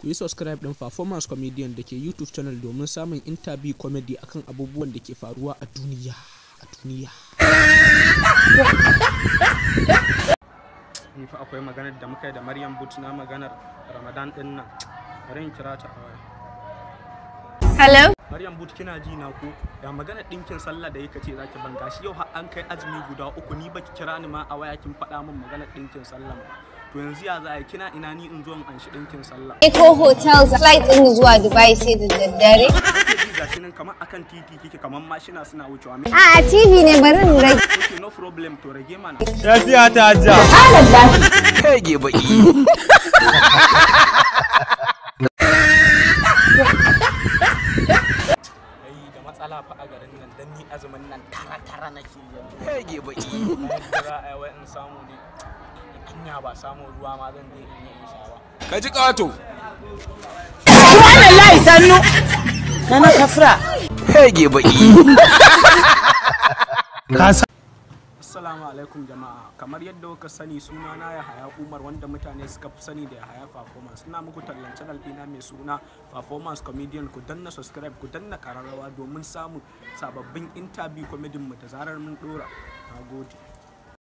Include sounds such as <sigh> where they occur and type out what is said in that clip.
ku yi subscribe din performance comedian da ke youtube channel domin samun interview comedy akan abubuwan da ke faruwa a duniya a duniya ni fa akwai maganar da muka yi da maryam but na maganar ramadan din nan bari in kira ta a hello maryam but kina ji na ko ya maganar dinkin sallah da yake ce zaki banga shi yau har an kai azumi guda uku ni baki kira ni ma a waya kin faɗa min maganar dinkin sallah to yanzu ya za a kina ina ni in zo in anshi ɗinkin sallah ko eh, hotels flight din zuwa dubai sai da daddare gashi nan kamar akan titi kike kamar mashina suna wucewa a a tv ne bari in rage okay no problem to rage mana lafiya ta ja matsala fa a garin nan dan ni azumin nan tara tara nake yanzu yi in samu ne anya ba samun ruwa ma zan je in yi ba ka ji sannu na kafra hege <laughs> Assalamu alaikum jama'a kamar yadda kuka sani suna na ya haya umar wanda mutane suka fi sani da ya haya performance ina muku tallan channel ɗina mai suna performance comedian ku danna subscribe ku danna kararrawa domin samun sababbin interview comedian mu da zarar mun dora nagode